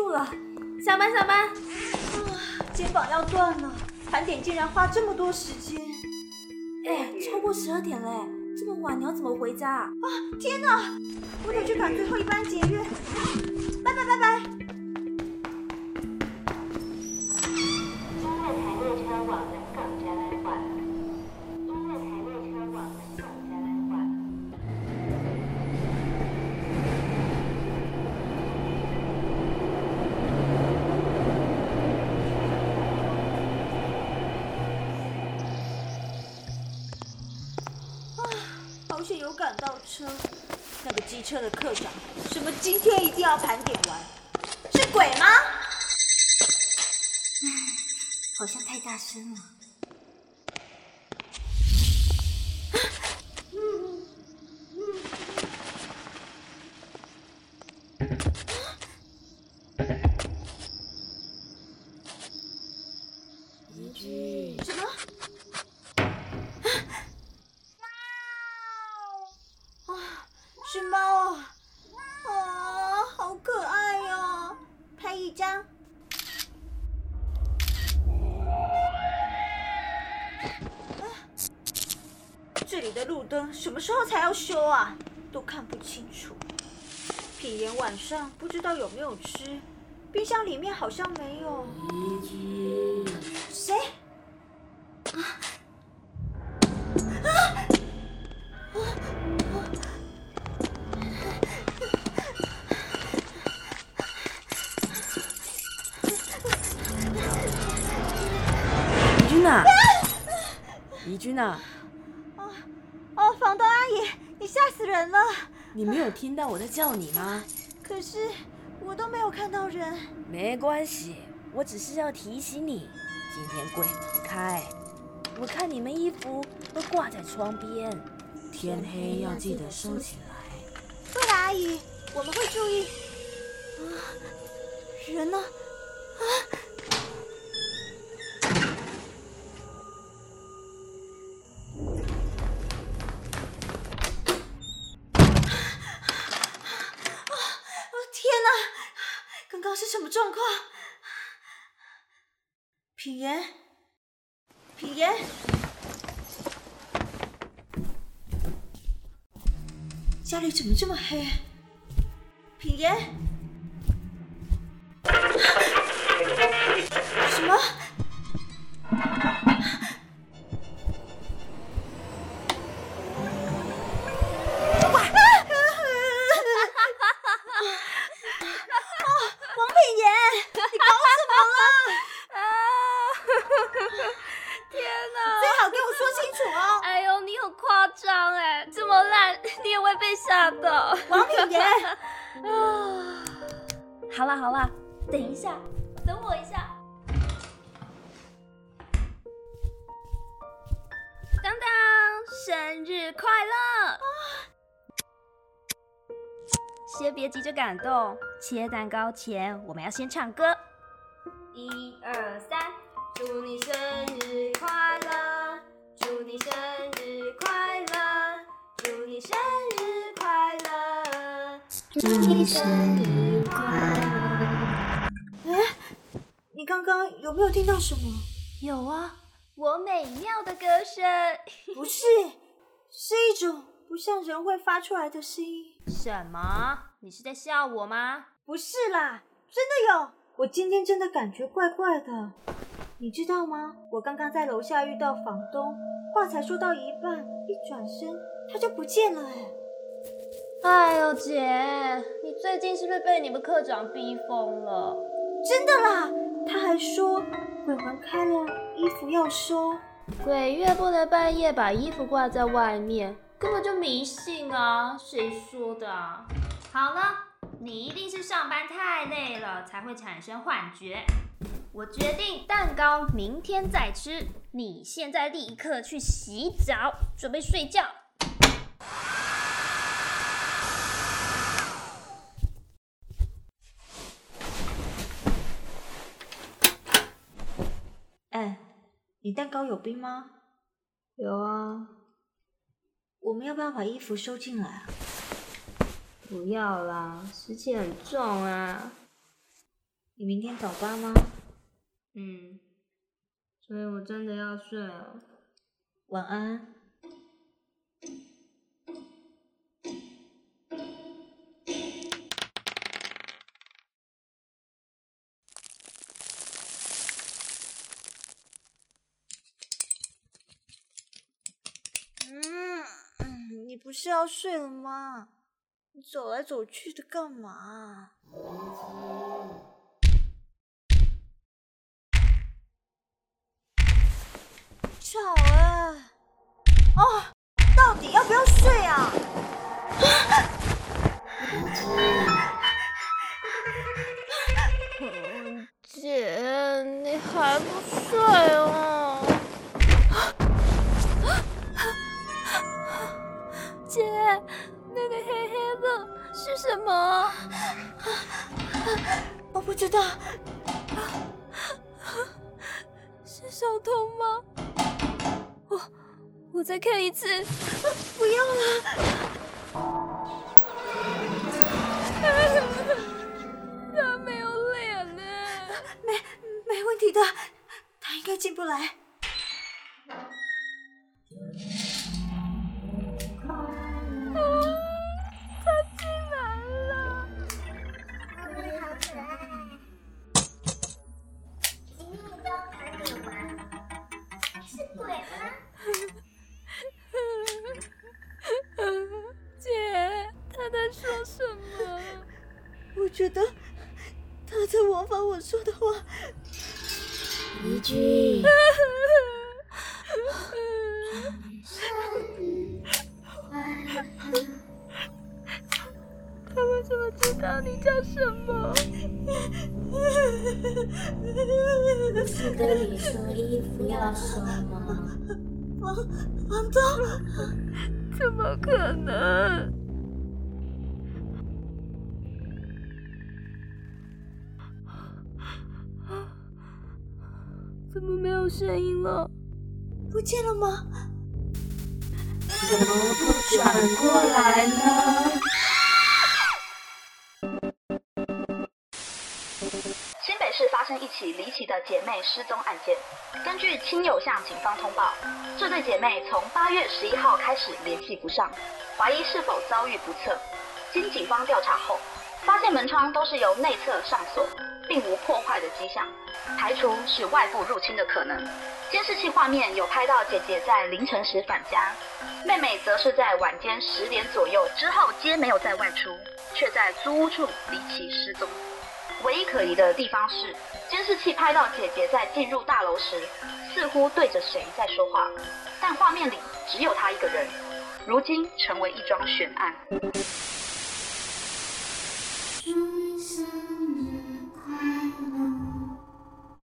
住了，下班下班，啊，肩膀要斷了，盤點竟然花這麼多時間，哎，超過十二點了，這麼晚你要怎麼回家啊？啊，天吶，我得去趕最後一班捷運，拜拜拜拜。趕到車，那個機車的課長，什麼今天一定要盤點完，是鬼嗎？嗯，好像太大聲了。啊嗯嗯嗯你的路燈什麼時候才要修啊？都看不清楚。品言晚上不知道有沒有吃，冰箱裡面好像沒有。誰？怡君吶、啊，怡君、啊人呢？你沒有聽到我在叫你嗎？可是我都沒有看到人。沒關係，我只是要提醒你，今天鬼門開。我看你們衣服都掛在窗邊，天黑要記得收起來。對了，阿姨，我們會注意。啊，人呢？品言，品言，家裡怎麼這麼黑？品言，什麼？ 天哪！最好給我說清楚哦。 哎呦，你很誇張哎，這麼爛你也會被嚇到。 王品米妍元。啊！ 好了好了，等一下，等我一下。噹噹，生日快樂！啊、先別急着感動，切蛋糕前我們要先唱歌。一二三。祝你生日快樂！祝你生日快樂！祝你生日快樂！祝你生日快樂！哎，你剛剛有沒有聽到什麼？有啊，我美妙的歌聲。 不是，是一種不像人會發出來的聲音。什麼？你是在笑我嗎？不是啦，真的有。我今天真的感覺怪怪的。你知道嗎？我剛剛在樓下遇到房東，話才說到一半，一轉身他就不見了。哎，哎呦，姐，你最近是不是被你們科長逼瘋了？真的啦，他還說鬼門開了衣服要收，鬼月不能半夜把衣服掛在外面，根本就迷信啊！誰說的？好了，你一定是上班太累了才會產生幻覺。我決定蛋糕明天再吃，你現在立刻去洗澡，準備睡覺。哎、欸，你蛋糕有冰嗎？有啊。我們要不要把衣服收進來啊？不要啦，濕氣很重啊。你明天早班嗎？嗯，所以我真的要睡了。晚安。嗯，你不是要睡了嗎？你走來走去的幹嘛？巧哎、欸，哦，到底要不要睡啊？啊啊姐，你還不睡、哦、啊，啊，啊，啊？姐，那個黑黑的是什麼、啊啊啊？我不知道，啊啊啊、是小偷嗎？我再看一次，啊，不要了。啊，他沒有臉呢，沒，沒問題的，他應該進不來。他的，他在模仿我說的話。一句。他為什麼知道你叫什麼？不是跟你說衣服要什麼嗎？王，王總，怎麼可能？怎麼沒有聲音了？不見了嗎？怎麼不轉過來呢？新北市發生一起離奇的姐妹失蹤案件。根據親友向警方通報，這對姐妹從八月十一號開始聯繫不上，懷疑是否遭遇不測。經警方調查後，發現門窗都是由內側上鎖。並無破壞的跡象，排除是外部入侵的可能。監視器畫面有拍到姐姐在凌晨時返家，妹妹則是在晚間十點左右之後皆沒有再外出，卻在租屋處離奇失蹤。唯一可疑的地方是，監視器拍到姐姐在進入大樓時，似乎對着誰在說話，但畫面裡只有她一個人。如今成為一樁懸案。